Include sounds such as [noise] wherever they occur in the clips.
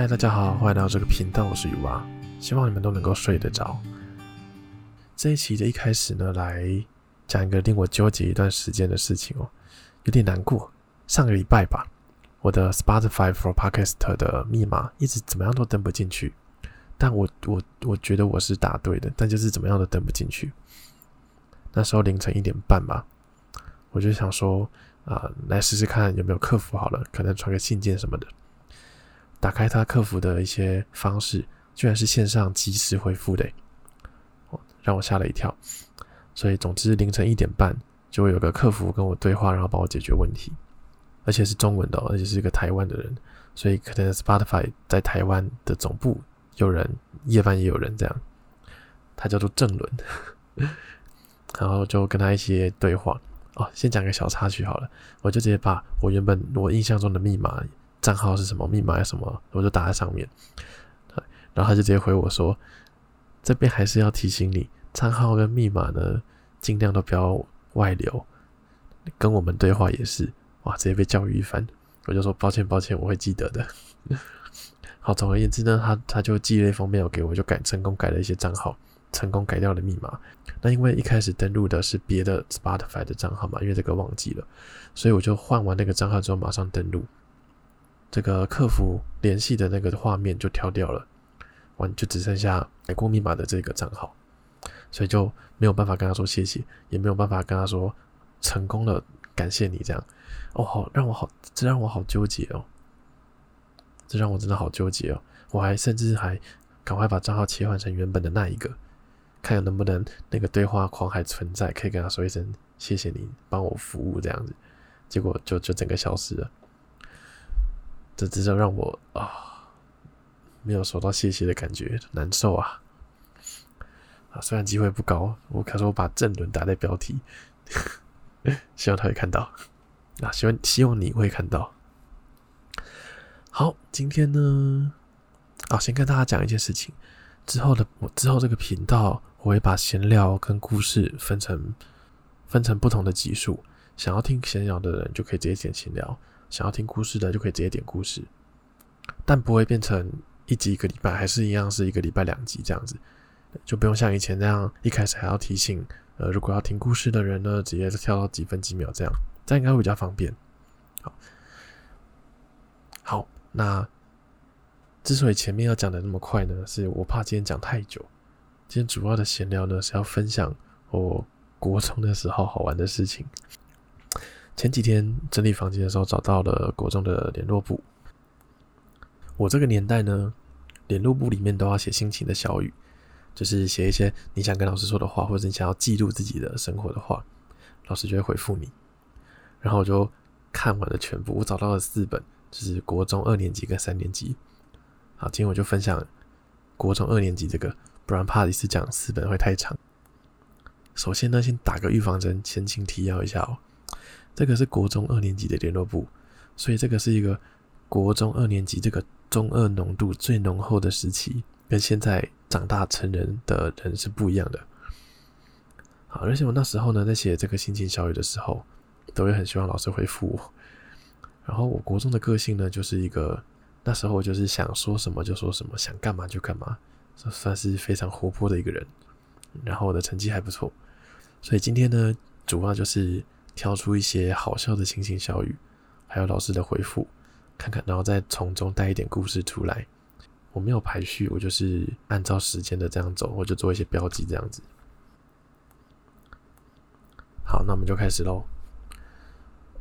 嗨，大家好，歡迎來到這個頻道，我是雨蛙，希望你們都能夠睡得着。這一期的一開始呢，來講一個令我糾結一段時間的事情哦，有點難過。上個禮拜吧，我的 Spotify for Podcast 的密碼一直怎麼樣都登不進去，但我我我覺得我是打對的，但就是怎麼樣都登不進去。那時候凌晨一點半吧，我就想說啊、呃，來試試看有沒有客服好了，可能傳個信件什麼的。打開他客服的一些方式，居然是線上即時回復的、哦，讓我嚇了一跳。所以總之凌晨一點半就會有個客服跟我對話，然後幫我解決問題，而且是中文的、哦，而且是一個台灣的人，所以可能 Spotify 在台灣的總部有人夜班也有人這樣。他叫做政倫， [laughs] 然後就跟他一些對話。哦，先講個小插曲好了，我就直接把我原本我印象中的密碼。賬號是什麼？密碼什麼？我就打在上面。對，然後他就直接回我說：“這邊還是要提醒你，賬號跟密碼呢，盡量都不要外流。跟我們對話也是，哇，直接被教育一番。”我就說：“抱歉，抱歉，我會記得的。 [laughs] ”好，總而言之呢，他他就寄了一封 mail 給我，就改成功改了一些賬號，成功改掉了密碼。那因為一開始登錄的是別的 Spotify 的賬號嘛，因為這個忘記了，所以我就換完那個賬號之後，馬上登錄。這個客服聯繫的那個畫面就跳掉了，完就只剩下改過密碼的這個賬號，所以就沒有辦法跟他說謝謝，也沒有辦法跟他說成功的感謝你這樣。哦，好，讓我好，這讓我好糾結哦，這讓我真的好糾結哦。我還甚至還趕快把賬號切換成原本的那一個，看能不能那個對話框還存在，可以跟他說一聲謝謝你，幫我服務這樣子，結果就就整個消失了。這只少讓我啊、哦、沒有收到謝謝的感覺，難受啊！啊，雖然機會不高，我可是我把政倫打在標題，呵呵，希望他會看到。啊，希望希望你會看到。好，今天呢，啊，先跟大家講一件事情。之後的我之後這個頻道，我會把閒聊跟故事分成分成不同的集數。想要聽閒聊的人，就可以直接點閒聊。想要聽故事的就可以直接點故事，但不會變成一集一個禮拜，還是一樣是一個禮拜兩集這樣子，就不用像以前那樣一開始還要提醒，呃，如果要聽故事的人呢，直接跳到幾分幾秒這樣，這樣應該會比較方便。好，好，那之所以前面要講的那麼快呢，是我怕今天講太久。今天主要的閒聊呢，是要分享我國中的時候好玩的事情。前幾天整理房間的時候，找到了國中的聯絡簿。我這個年代呢，聯絡簿裡面都要寫心情的小語，就是寫一些你想跟老師說的話，或者你想要記錄自己的生活的話，老師就會回復你。然後我就看完了全部，我找到了四本，就是國中二年級跟三年級。好，今天我就分享國中二年級這個，不然怕一次講四本會太長。首先呢，先打個預防針，前情提要一下哦、喔。這個是國中二年級的聯絡簿，所以這個是一個國中二年級這個中二濃度最濃厚的時期，跟現在長大成人的人是不一樣的。好，而且我那時候呢，在寫這個心情小語的時候，都會很希望老師回覆我。然後我國中的個性呢，就是一個那時候我就是想說什麼就說什麼，想幹嘛就幹嘛，算是非常活潑的一個人。然後我的成績還不錯，所以今天呢，主要就是。挑出一些好笑的心情小語，還有老師的回復，看看，然後再從中帶一點故事出來。我沒有排序，我就是按照時間的這樣走，我就做一些標記這樣子。好，那我們就開始嘍。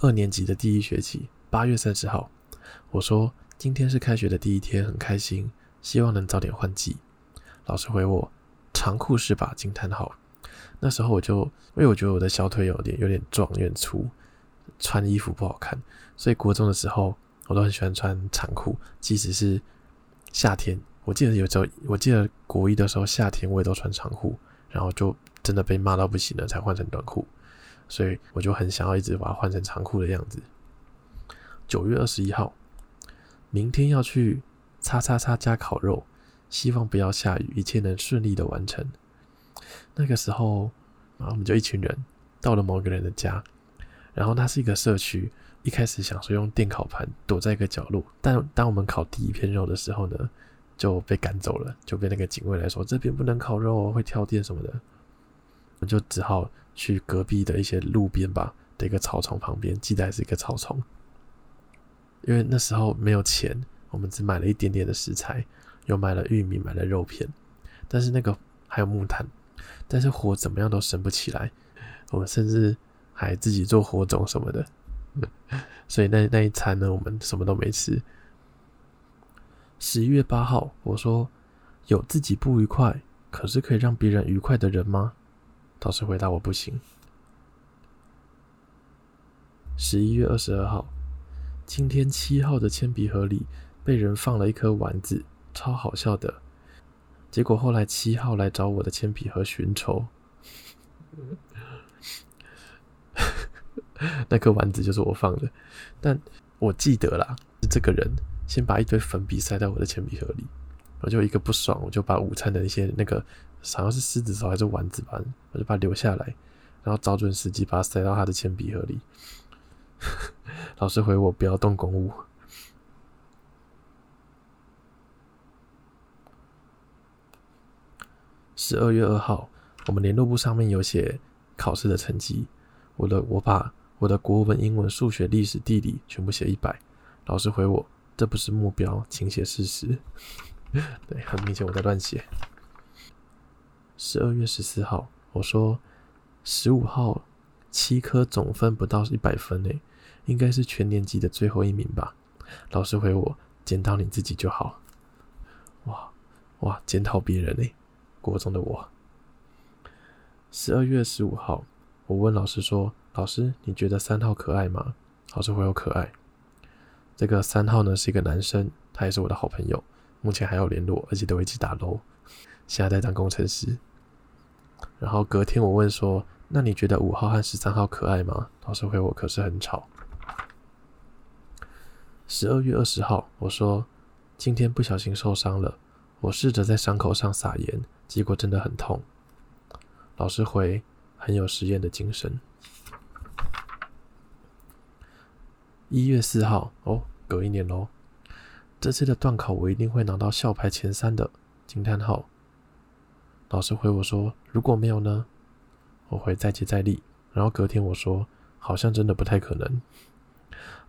二年級的第一學期，八月三十號，我說今天是開學的第一天，很開心，希望能早點換季。老師回我：長褲是吧？驚嘆號。那時候我就，因為我覺得我的小腿有點有點壯，有點粗，穿衣服不好看，所以國中的時候我都很喜歡穿長褲，即使是夏天。我記得有時候，我記得國一的時候夏天我也都穿長褲，然後就真的被罵到不行了，才換成短褲。所以我就很想要一直把它換成長褲的樣子。九月二十一號，明天要去叉叉叉家烤肉，希望不要下雨，一切能順利的完成。那個時候啊，我們就一群人到了某一個人的家，然後他是一個社區，一開始想說用電烤盤躲在一個角落，但當我們烤第一片肉的時候呢，就被趕走了，就被那個警衛來說這邊不能烤肉哦，會跳電什麼的，我們就只好去隔壁的一些路邊吧的一個草叢旁邊，記得還是一個草叢，因為那時候沒有錢，我們只買了一點點的食材，又買了玉米，買了肉片，但是那個還有木炭。但是火怎麼樣都生不起來，我們甚至還自己做火種什麼的， [laughs] 所以那那一餐呢，我們什麼都沒吃。十一月八號，我說有自己不愉快，可是可以讓別人愉快的人嗎？導師回答我不行。十一月二十二號，今天七號的鉛筆盒裡被人放了一顆丸子，超好笑的。結果後來七號來找我的鉛筆盒尋仇， [laughs] 那顆丸子就是我放的，但我記得啦，是這個人先把一堆粉筆塞在我的鉛筆盒裡，我就一個不爽，我就把午餐的一些那個好像是獅子頭還是丸子吧，我就把它留下來，然後找準時機把它塞到他的鉛筆盒裡， [laughs] 老師回我不要動公物。十二月二號，我們聯絡簿上面有寫考試的成績。我的，我把我的國文、英文、數學、歷史、地理全部寫一百。老師回我，這不是目標，請寫事實。 [laughs] 對，很明顯我在亂寫。十二月十四號，我說十五號七科總分不到一百分誒，應該是全年級的最後一名吧？老師回我，檢討你自己就好。哇哇，檢討別人誒。國中的我，十二月十五號，我問老師說：“老師，你覺得三號可愛嗎？”老師回我：“可愛。”這個三號呢是一個男生，他也是我的好朋友，目前還有聯絡，而且都一起打 LOL，現在在當工程師。然後隔天我問說：“那你覺得五號和十三號可愛嗎？”老師回我：“可是很吵。”十二月二十號，我說：“今天不小心受傷了，我試着在傷口上撒鹽。”結果真的很痛。老師回，很有實驗的精神。一月四號哦，隔一年咯，這次的段考我一定會拿到校排前三的，驚嘆號！老師回我說，如果沒有呢？我會再接再厲。然後隔天我說，好像真的不太可能。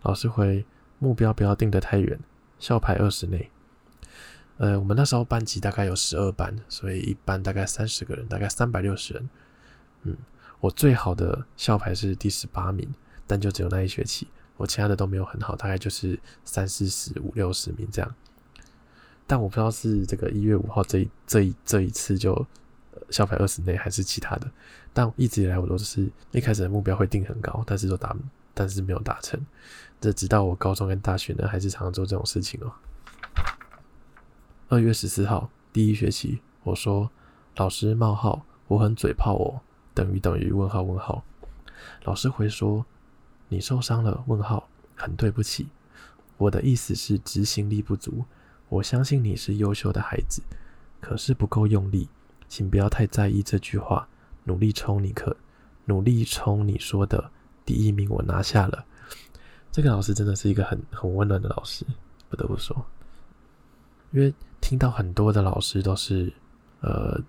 老師回，目標不要定得太遠，校排二十內。呃，我們那時候班級大概有十二班，所以一班大概三十個人，大概三百六十人。嗯，我最好的校排是第十八名，但就只有那一學期，我其他的都沒有很好，大概就是三四十五六十名這樣。但我不知道是這個一月五號這一這一這一，這一次就校排二十內，還是其他的。但一直以來我都是一開始的目標會定很高，但是都達，但是沒有達成。這直到我高中跟大學呢，還是常常做這種事情哦、喔。二月十四號，第一學期，我說：“老師冒號，我很嘴炮我、哦、等於等於問號問號。”老師回說：“你受傷了？問號，很對不起。我的意思是執行力不足。我相信你是優秀的孩子，可是不夠用力，請不要太在意這句話。努力衝，你可努力衝！你說的第一名我拿下了。這個老師真的是一個很很溫暖的老師，不得不說，因為。”聽到很多的老師都是，呃，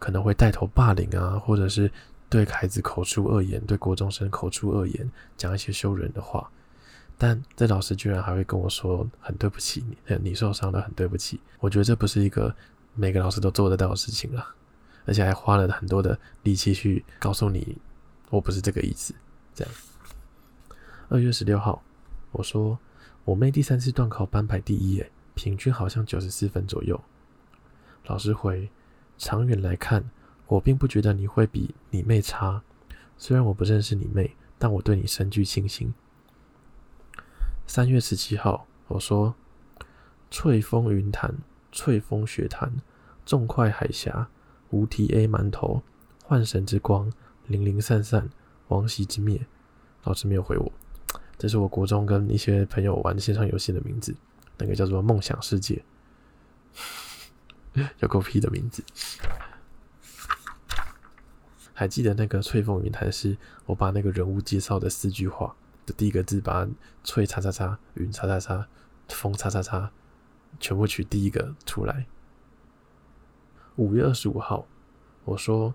可能會帶頭霸凌啊，或者是對孩子口出惡言，對國中生口出惡言，講一些羞人的話。但這老師居然還會跟我說很對不起你，呃，你受傷了很對不起。我覺得這不是一個每個老師都做得到的事情啦，而且還花了很多的力氣去告訴你我不是這個意思。這樣，二月十六號，我說，我妹第三次段考班排第一誒。平均好像九十四分左右。老師回：長遠來看，我並不覺得你會比你妹差。雖然我不認識你妹，但我對你深具信心。三月十七號，我說：翠峰雲潭、翠峰雪潭、縱快海峽、無敵 A 饅頭、幻神之光、零零散散、王羲之滅。老師沒有回我。這是我國中跟一些朋友玩線上遊戲的名字。那個叫做“夢想世界”， [laughs] 有夠屁的名字。還記得那個“翠鳳雲臺”詩？我把那個人物介紹的四句話的第一個字，把“翠”、“叉叉叉”、“雲”、“叉叉叉”、“風叉叉叉”全部取第一個出來。五月二十五號，我說：“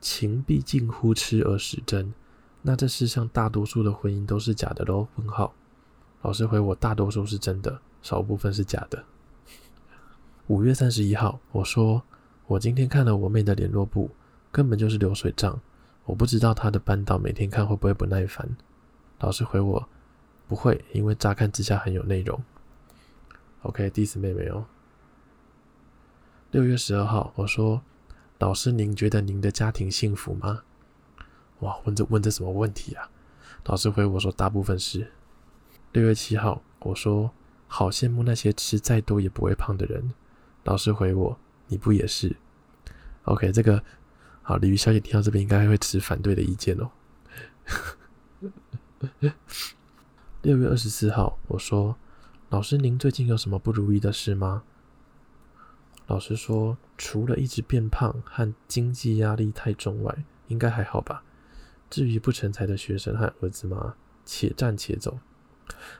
情必近乎痴而始真。”那這世上大多數的婚姻都是假的嘍？問號。老師回我：“大多數是真的。”少部分是假的。五月三十一號，我說我今天看了我妹的聯絡簿，根本就是流水賬。我不知道她的班導每天看會不會不耐煩。老師回我不會，因為乍看之下很有內容。OK，diss 妹妹哦。六月十二號，我說老師，您覺得您的家庭幸福嗎？哇，問這問這什麼問題啊？老師回我說大部分是。六月七號，我說。好羨慕那些吃再多也不會胖的人。老師回我：“你不也是？”OK，這個好。鯉魚小姐聽到這邊應該會持反對的意見哦。 [laughs] 六月二十四號，我說：“老師，您最近有什麼不如意的事嗎？”老師說：“除了一直變胖和經濟壓力太重外，應該還好吧。至於不成才的學生和兒子嗎？且戰且走。”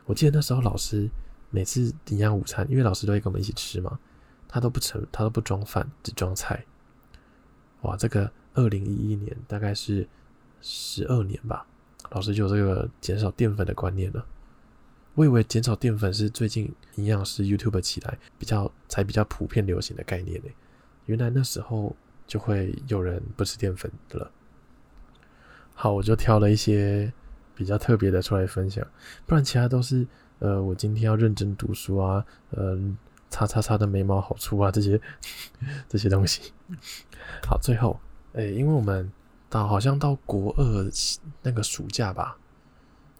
我記得那時候老師。每次營養午餐，因為老師都會跟我們一起吃嘛，他都不盛，他都不裝飯，只裝菜。哇，這個二零一一年大概是十二年吧，老師就有這個減少澱粉的觀念了。我以為減少澱粉是最近營養師 YouTube 起來比較才比較普遍流行的概念呢，原來那時候就會有人不吃澱粉了。好，我就挑了一些比較特別的出來分享，不然其他都是。呃，我今天要認真讀書啊，嗯、呃，叉叉叉的眉毛好粗啊，這些這些東西。好，最後，哎、欸，因為我們到好像到國二那個暑假吧，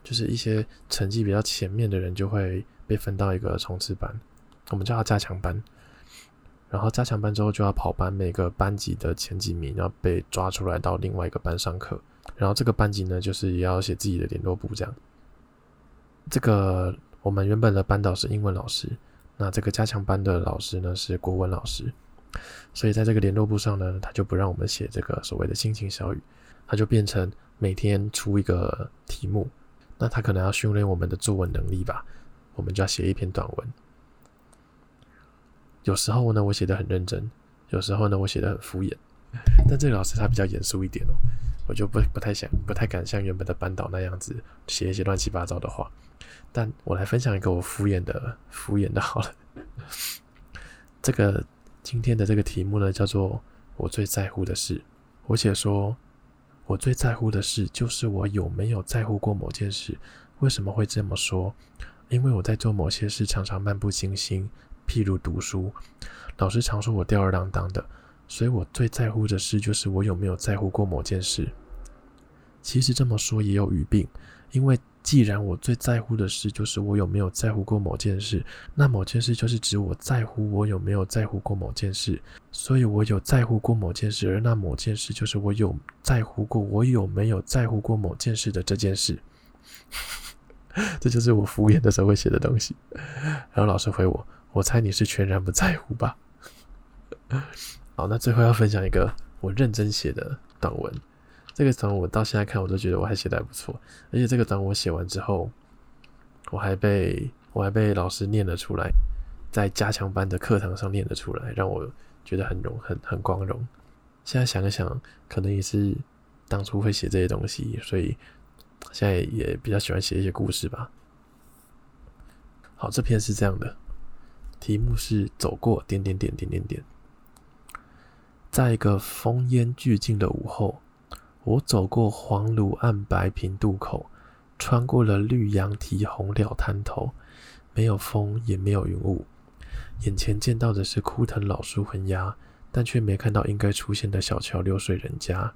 就是一些成績比較前面的人就會被分到一個衝刺班，我們叫它加強班。然後加強班之後就要跑班，每個班級的前幾名要被抓出來到另外一個班上課。然後這個班級呢，就是也要寫自己的聯絡簿這樣。這個我們原本的班導是英文老師，那這個加強班的老師呢，是國文老師，所以在這個聯絡簿上呢，他就不讓我們寫這個所謂的心情小語，他就變成每天出一個題目，那他可能要訓練我們的作文能力吧，我們就要寫一篇短文。有時候呢，我寫得很認真，有時候呢，我寫得很敷衍，但這個老師他比較嚴肅一點哦，我就不不太想、不太敢像原本的班導那樣子寫一些亂七八糟的話。但我來分享一個我敷衍的敷衍的好了， [laughs] 這個今天的這個題目呢，叫做我最在乎的事。我寫說，我最在乎的事就是我有沒有在乎過某件事？為什麼會這麼說？因為我在做某些事常常漫不經心，譬如讀書，老師常說我吊兒郎當的，所以我最在乎的事就是我有沒有在乎過某件事？其實這麼說也有語病，因為。既然我最在乎的事就是我有沒有在乎過某件事，那某件事就是指我在乎我有沒有在乎過某件事，所以，我有在乎過某件事，而那某件事就是我有在乎過我有沒有在乎過某件事的這件事。 [laughs] 這就是我敷衍的時候會寫的東西。然後老師回我，我猜你是全然不在乎吧。 [laughs] 好，那最後要分享一個我認真寫的短文。這個章我到現在看，我都覺得我還寫得還不錯。而且這個章我寫完之後，我還被我還被老師念了出來，在加強班的課堂上念了出來，讓我覺得很榮很很光榮。現在想一想，可能也是當初會寫這些東西，所以現在也比較喜歡寫一些故事吧。好，這篇是這樣的，題目是走過點點點點點點，在一個風煙俱淨的午後。我走過黃蘆岸白蘋渡口，穿過了綠楊堤紅蓼灘頭，沒有風也沒有雲霧，眼前見到的是枯藤老樹昏鴉，但卻沒看到應該出現的小橋流水人家。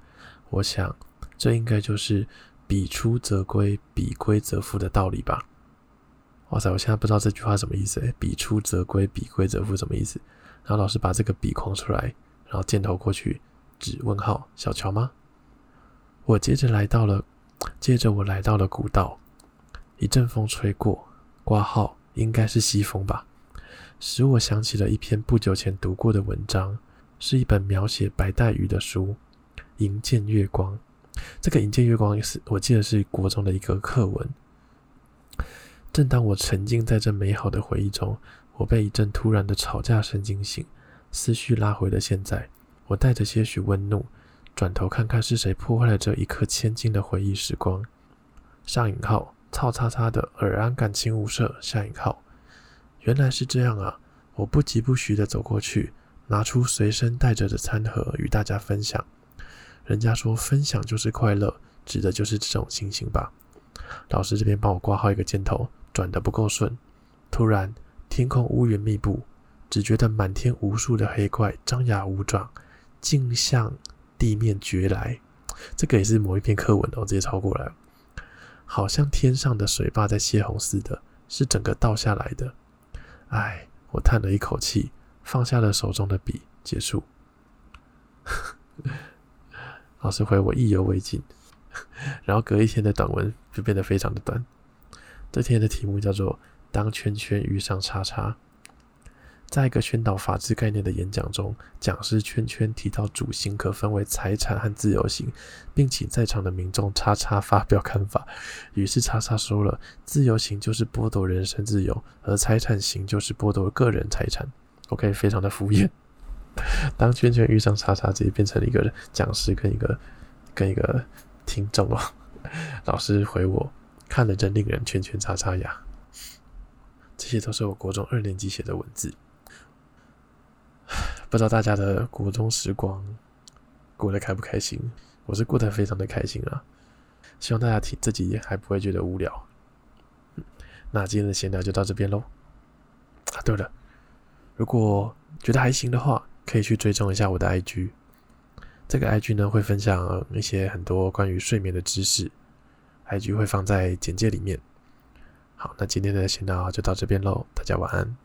我想，這應該就是“彼出則歸，彼歸則復”的道理吧？哇塞，我現在不知道這句話什麼意思、欸。哎，“彼出則歸，彼歸則復”什麼意思？然後老師把這個筆框出來，然後箭頭過去指問號，小橋嗎？我接着來到了，接着我來到了古道。一陣風吹過，掛號應該是西風吧，使我想起了一篇不久前讀過的文章，是一本描寫白帶魚的書，《銀箭月光》。這個《銀劍月光》是，我記得是國中的一個課文。正當我沉浸在這美好的回憶中，我被一陣突然的吵架聲驚醒，思緒拉回了現在。我帶着些許慍怒。轉頭看看是誰破壞了這一刻千金的回憶時光。上引號，操叉叉的爾安感情無赦。下引號，原來是這樣啊！我不疾不徐地走過去，拿出隨身帶着的餐盒與大家分享。人家說分享就是快樂，指的就是這種情形吧？老師這邊幫我掛號一個箭頭，轉得不夠順。突然，天空烏雲密佈，只覺得滿天無數的黑怪張牙舞爪，竟像……地面絕來，這個也是某一篇課文的，我直接抄過來。好像天上的水壩在泄洪似的，是整個倒下來的。唉，我嘆了一口氣，放下了手中的筆。結束。 [laughs] 老師回我意猶未盡，然後隔一天的短文就變得非常的短。這天的題目叫做《當圈圈遇上叉叉》。在一個宣導法治概念的演講中，講師圈圈提到，主刑可分為財產和自由刑，並請在場的民眾叉叉發表看法。於是叉叉說了：“自由刑就是剝奪人身自由，而財產刑就是剝奪個人財產。” OK，非常的敷衍。當圈圈遇上叉叉，直接變成了一個講師跟一個跟一個聽眾哦、喔，老師回我：看了真令人圈圈叉叉呀。這些都是我國中二年級寫的文字。不知道大家的國中時光過得開不開心？我是過得非常的開心啊！希望大家聽自己還不會覺得無聊。嗯，那今天的閒聊就到這邊嘍。啊，對了，如果覺得還行的話，可以去追蹤一下我的 IG。這個 IG 呢會分享一些很多關於睡眠的知識，IG 會放在簡介裡面。好，那今天的閒聊就到這邊嘍，大家晚安。